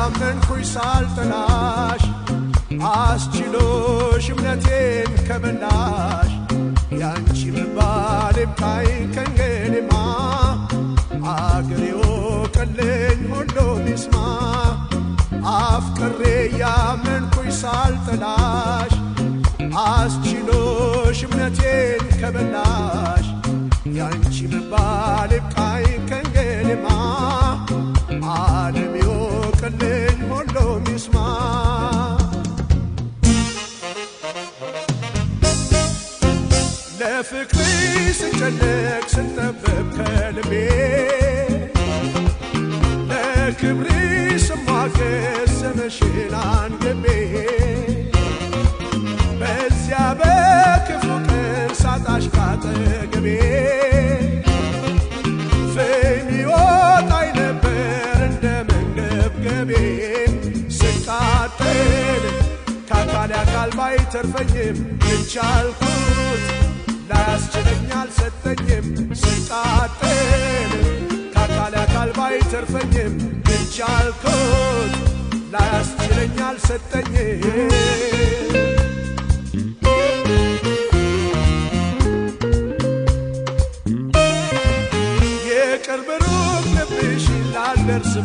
ያመንኩኝ ሳልጥላሽ አስችሎሽ እምነቴን ከመላሽ ያንቺ መባል ይብቃኝ ከንገኔማ አገሬው ቀለኝ ሁሉ ይስማ አፍቅሬ ያመንኩኝ ሳልጥላሽ አስችሎሽ እምነቴን ከበላሽ ያንቺ መባል ይብቃኝ አልኖረኝም ልቻልኩት ላያስችለኝ ሰጠኝም ስጣጥል ከአካል አካል ባይተርፈኝም ልቻልኩት ላያስችለኝ አልሰጠኝም There's a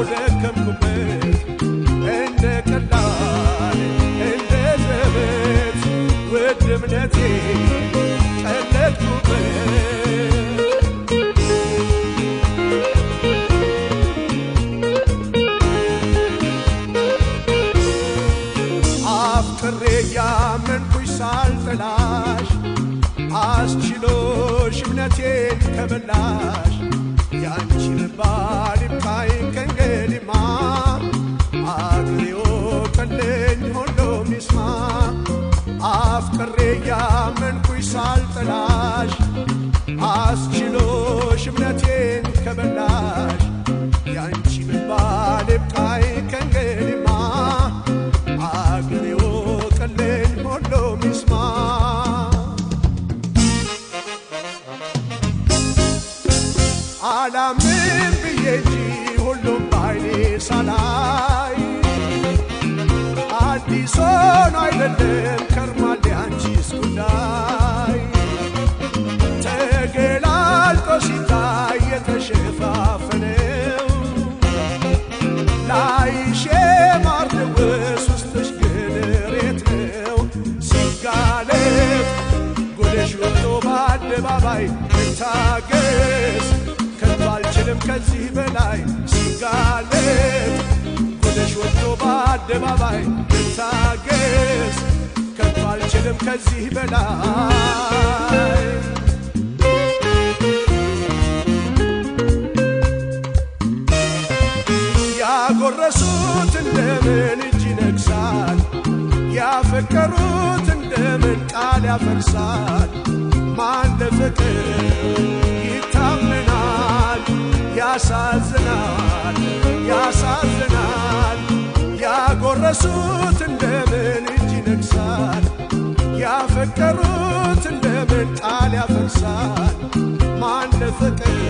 እምነቴን ከበላሽ አላምን ብዬ እንጂ ሁሉም ባይኔ ሳላይ አዲስ ሆኖ አይደለም ከርማል የአንቺስ ጉዳይ ተገላልጦ ሲታይ የተሸፋፈነው ላይሽ የማርደውስ ውስጥሽ ግን ሬት ነው ሲጋለጥ ጉድሽ ወጥቶ በአደባባይ ልታገስ አይቻልም ከዚህ በላይ ሲጋለጥ ጉድሽ ወጥቶ በአደባባይ ልታገስ ከፍ አልችልም ከዚህ በላይ ያጎረሱት እንደምን እጅ ይነግሳል፣ ያፈቀሩት እንደምን ቃል ያፈርሳል። ማን ለፍቅር ያሳዝናል ያሳዝናል ያጎረሱት እንደምን እጅ ይነግሳል ያፈቀሩት እንደምን ጣል ያፈርሳል ማን ለፈቀደ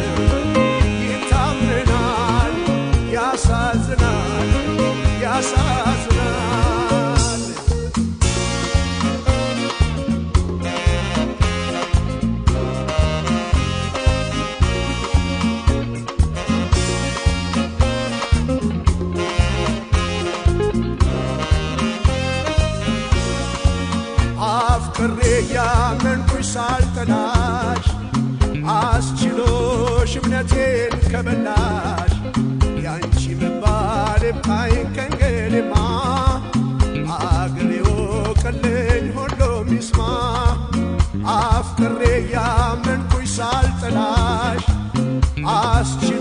ከበላሽ ያንቺ መባል ብቃኝ አገሬው ቅልኝ ሁሉም ይስማ አፍቅሬ ያመንኩሽ ሳልጥላሽ አስችል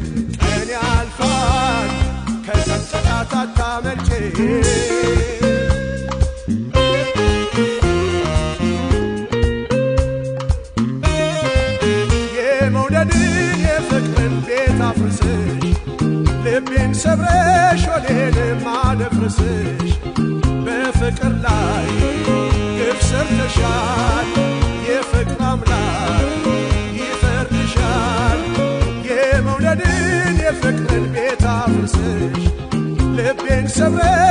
እንዳታመልጭ የመውደድን የፍቅርን ሰብረሽ ወዴን saber.